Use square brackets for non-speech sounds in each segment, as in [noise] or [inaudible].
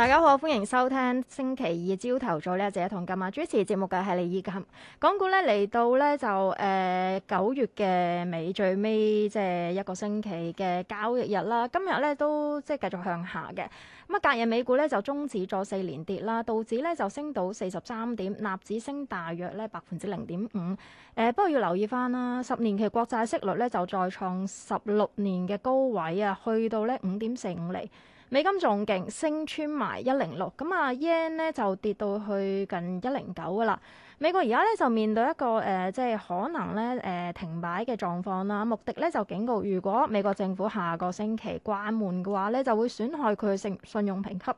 大家好，歡迎收聽星期二朝頭早呢一節《同金》啊！主持節目嘅係李依金。港股呢，嚟到呢就誒九、呃、月嘅尾最尾即係一個星期嘅交易日啦。今日呢都即係繼續向下嘅。咁啊，隔日美股呢就終止咗四連跌啦，道指呢就升到四十三點，納指升大約呢百分之零點五。誒、呃，不過要留意返啦，十年期國債息率呢就再創十六年嘅高位啊，去到呢五點四五厘。美金仲勁，升穿埋一零六，咁啊 yen 呢就跌到去近一零九噶啦。美國而家咧就面對一個誒、呃，即係可能咧誒、呃、停擺嘅狀況啦。穆迪咧就警告，如果美國政府下個星期關門嘅話咧，就會損害佢嘅信信用評級。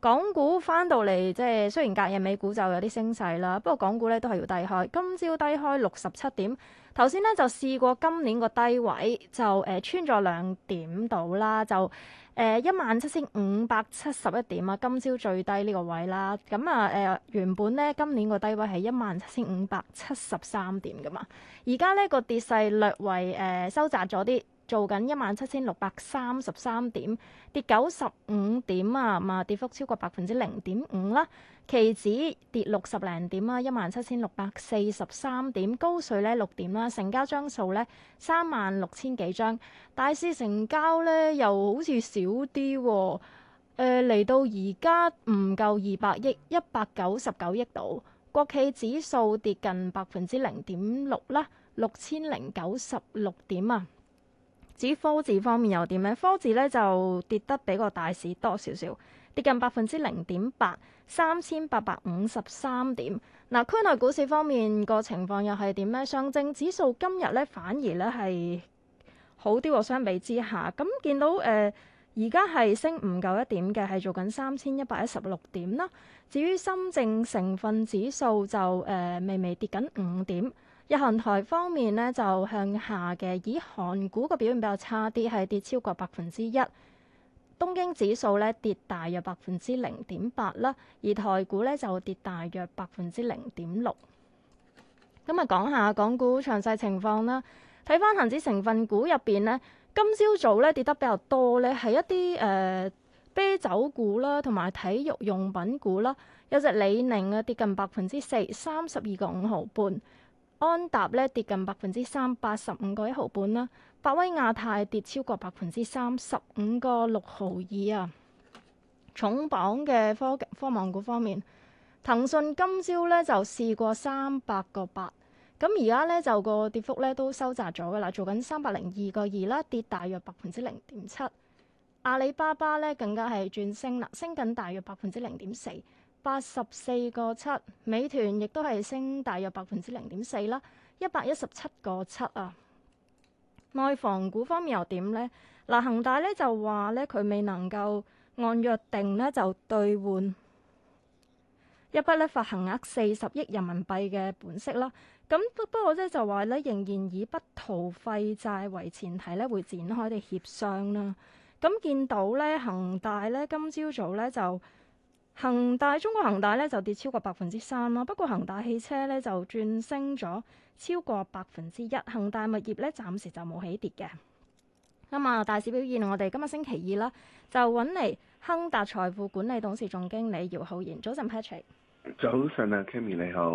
港股翻到嚟，即係雖然隔夜美股就有啲升勢啦，不過港股咧都係要低開。今朝低開六十七點，頭先咧就試過今年個低位就誒穿咗兩點度啦，就誒一萬七千五百七十一點啊、呃，今朝最低呢個位啦。咁啊誒原本咧今年個低位係一萬七千五百七十三點噶嘛，而家咧個跌勢略為誒、呃、收窄咗啲。做緊一萬七千六百三十三點，跌九十五點啊，嘛跌幅超過百分之零點五啦。期指跌六十零點啦、啊，一萬七千六百四十三點，高水呢六點啦、啊。成交張數呢三萬六千幾張，大市成交呢又好似少啲、啊，誒、呃、嚟到而家唔夠二百億，一百九十九億度。國企指數跌近百分之零點六啦，六千零九十六點啊。指科指方面又點呢？科指呢就跌得比個大市多少少，跌近百分之零點八，三千八百五十三點。嗱、呃，區內股市方面個情況又係點呢？上證指數今日呢反而呢係好啲喎，相比之下，咁、嗯、見到誒而家係升唔夠一點嘅，係做緊三千一百一十六點啦。至於深證成分指數就誒、呃、微微跌緊五點。日韓台方面咧，就向下嘅。以韓股嘅表現比較差啲，係跌超過百分之一。東京指數咧跌大約百分之零點八啦，而台股咧就跌大約百分之零點六。咁啊，講下港股詳細情況啦。睇返恒指成分股入邊咧，今朝早咧跌得比較多咧，係一啲誒、呃、啤酒股啦，同埋體育用品股啦。有隻李寧啊，跌近百分之四，三十二個五毫半。安踏咧跌近百分之三，八十五個一毫半啦。百威亞太跌超過百分之三，十五個六毫二啊。重磅嘅科技科網股方面，騰訊今朝咧就試過三百個八，咁而家咧就個跌幅咧都收窄咗噶啦，做緊三百零二個二啦，跌大約百分之零點七。阿里巴巴咧更加係轉升啦，升緊大約百分之零點四。八十四個七，7, 美團亦都係升大約百分之零點四啦，一百一十七個七啊！內房股方面又點呢？嗱、啊，恒大咧就話咧，佢未能夠按約定咧就兌換一筆咧發行額四十億人民幣嘅本息啦。咁不,不過咧就話咧，仍然以不逃廢債為前提咧，會展開哋協商啦。咁見到咧，恒大咧今朝早咧就。恒大、中國恒大咧就跌超過百分之三啦，不過恒大汽車咧就轉升咗超過百分之一，恒大物業咧暫時就冇起跌嘅。咁、嗯、啊，大市表現，我哋今日星期二啦，就揾嚟亨達財富管理董事總經理姚浩然，早晨 Patrick。早晨啊 Kimmy 你好。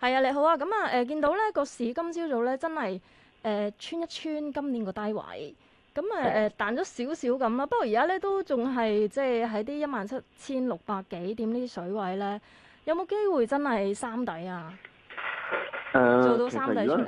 係啊，你好啊，咁啊，誒、呃、見到咧個市今朝早咧真係誒、呃、穿一穿今年個低位。咁誒誒彈咗少少咁啦，的不過而家咧都仲係即係喺啲一萬七千六百幾點呢啲水位咧，有冇機會真係三底啊？誒、呃，做到三底出嚟、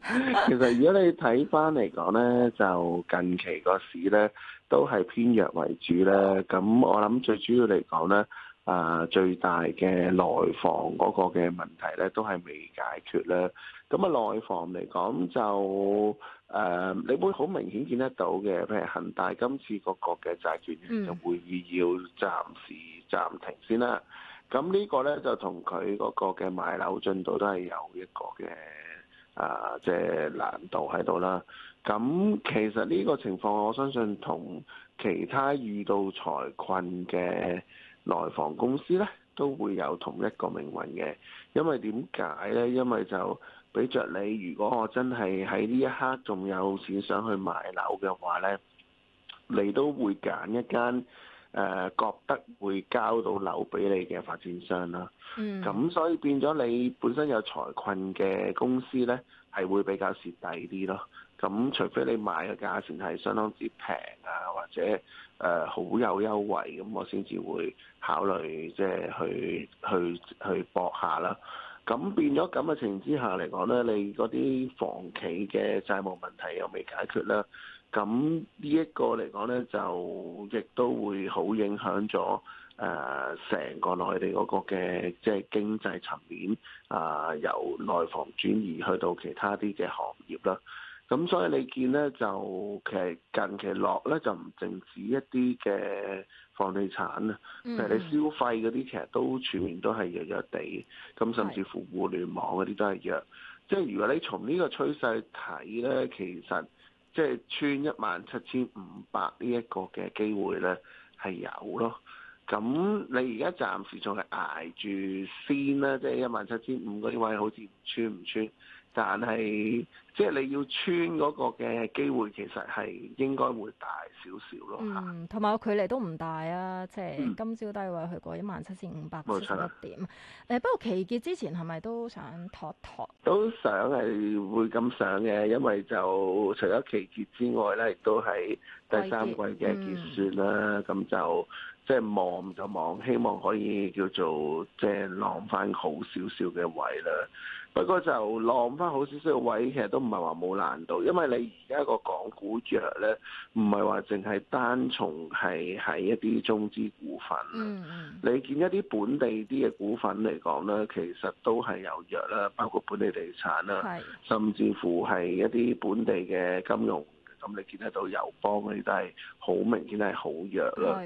呃？其實如果， [laughs] 其實如果你睇翻嚟講咧，就近期個市咧都係偏弱為主咧。咁我諗最主要嚟講咧，啊、呃、最大嘅內房嗰個嘅問題咧都係未解決咧。咁啊內房嚟講就。誒，uh, 你會好明顯見得到嘅，譬如恒大今次嗰個嘅債券、mm. 就會議要暫時暫停先啦。咁呢個呢，就同佢嗰個嘅買樓進度都係有一個嘅啊，即係難度喺度啦。咁其實呢個情況，我相信同其他遇到財困嘅內房公司呢，都會有同一個命運嘅。因為點解呢？因為就俾着你，如果我真係喺呢一刻仲有錢想去買樓嘅話呢，你都會揀一間誒覺得會交到樓畀你嘅發展商啦。咁、嗯、所以變咗你本身有財困嘅公司呢，係會比較蝕底啲咯。咁除非你買嘅價錢係相當之平啊，或者誒好有優惠，咁我先至會考慮即係去去去搏下啦。咁變咗咁嘅情況之下嚟講咧，你嗰啲房企嘅債務問題又未解決啦，咁呢一個嚟講咧，就亦都會好影響咗誒成個內地嗰個嘅即係經濟層面啊、呃，由內房轉移去到其他啲嘅行業啦。咁所以你見咧，就其實近期落咧就唔淨止一啲嘅房地產啊、嗯，其實你消費嗰啲其實都全面都係弱弱地，咁甚至乎互聯網嗰啲都係弱。是即係如果你從呢個趨勢睇咧，其實即係穿一萬七千五百呢一個嘅機會咧係有咯。咁你而家暫時仲係捱住先啦，即係一萬七千五嗰啲位好似穿唔穿？但係，即係你要穿嗰個嘅機會，其實係應該會大少少咯。嗯，同埋個距離都唔大啊！即係今朝低位去過一萬七千五百點。冇錯。誒，不過期結之前係咪都想托托？都想係會咁想嘅，因為就除咗期結之外咧，亦都係第三季嘅結算啦。咁，嗯，就即係望就望，希望可以叫做即係浪翻好少少嘅位啦。不過就浪翻好少少嘅位，其實都唔係話冇難度，因為你而家個港股弱咧，唔係話淨係單從係喺一啲中資股份。Mm hmm. 你見一啲本地啲嘅股份嚟講咧，其實都係有弱啦，包括本地地產啦，mm hmm. 甚至乎係一啲本地嘅金融，咁你見得到友邦嗰啲都係好明顯係好弱啦。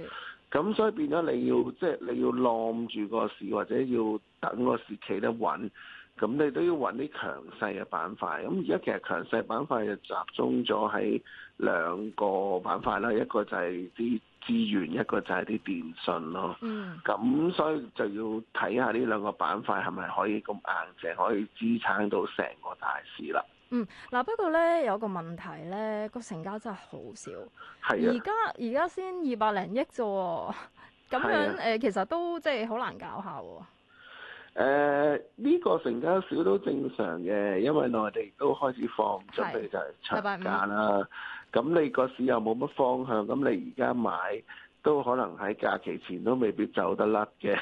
咁、mm hmm. 所以變咗你要即係、即係、你要攬住個市，或者要等個市企得穩。咁你都要揾啲強勢嘅板塊，咁而家其實強勢板塊就集中咗喺兩個板塊啦，一個就係啲資源，一個就係啲電信咯。嗯。咁所以就要睇下呢兩個板塊係咪可以咁硬淨，可以支撐到成個大市啦。嗯，嗱不過咧有個問題咧，個成交真係好少。係啊。而家而家先二百零億啫喎，咁樣誒，啊，呃，其實都即係好難搞下喎。誒，呢、呃呢個成交少都正常嘅，因為內地都開始放唔出嚟就出價啦。咁元你個市又冇乜方向，咁你而家買都可能喺假期前都未必走得甩嘅。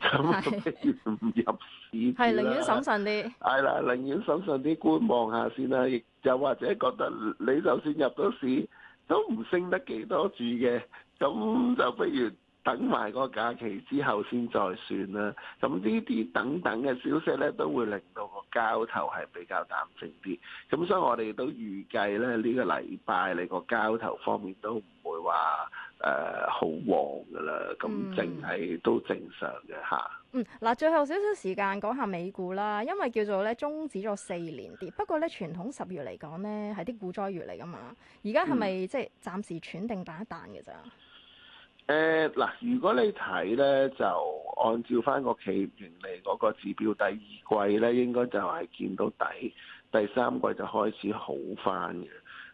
咁 [laughs] 不如唔入市住啦。係寧願審慎啲。係啦，寧願審慎啲觀望下先啦。亦就或者覺得你就算入咗市，都唔升得幾多住嘅，咁就不如。等埋個假期之後先再算啦。咁呢啲等等嘅消息咧，都會令到個交投係比較淡靜啲。咁所以我哋都預計咧，呢個禮拜你個交投方面都唔會話誒好旺噶啦。咁淨係都正常嘅嚇。嗯，嗱，最後少少時間講下美股啦，因為叫做咧終止咗四年跌。不過咧，傳統十月嚟講咧係啲股災月嚟噶嘛。而家係咪即係暫時喘定彈一彈嘅咋？誒嗱、呃，如果你睇咧，就按照翻個企業盈利嗰個指標，第二季咧應該就係見到底，第三季就開始好翻嘅。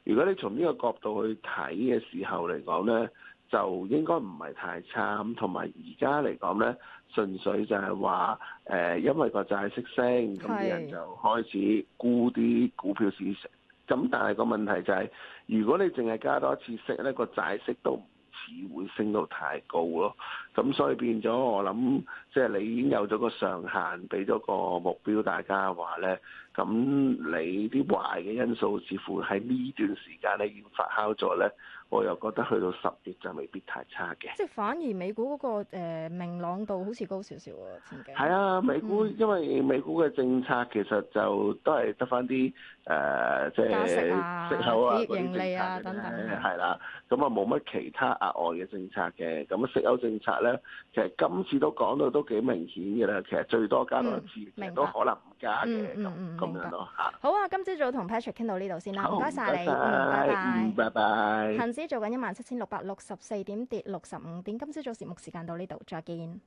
如果你從呢個角度去睇嘅時候嚟講咧，就應該唔係太差。同埋而家嚟講咧，純粹就係話誒，因為個債息升，咁啲是人就開始沽啲股票市場。咁但係個問題就係、是，如果你淨係加多一次息咧，個債息都只會升到太高咯，咁所以變咗我諗，即係你已經有咗個上限，俾咗個目標，大家話咧。咁你啲壞嘅因素似乎喺呢段時間咧已經發酵咗咧，我又覺得去到十月就未必太差嘅。即係反而美股嗰、嗰個、呃、明朗度好似高少少喎，前景。係啊，美股、嗯、因為美股嘅政策其實就都係得翻啲誒，即係、啊、息口啊嗰啲、啊、政策等等係啦。咁啊冇乜其他額外嘅政策嘅。咁息口政策咧，其實今次都講到都幾明顯嘅啦。其實最多加多次、嗯、明白，都可能。嗯嗯嗯，咁好啊，今朝早同 Patrick 傾到呢度先啦，唔該晒你，拜拜謝。嗯，拜拜。恆指、嗯、做緊一萬七千六百六十四點，跌六十五點。今朝早節目時間到呢度，再見。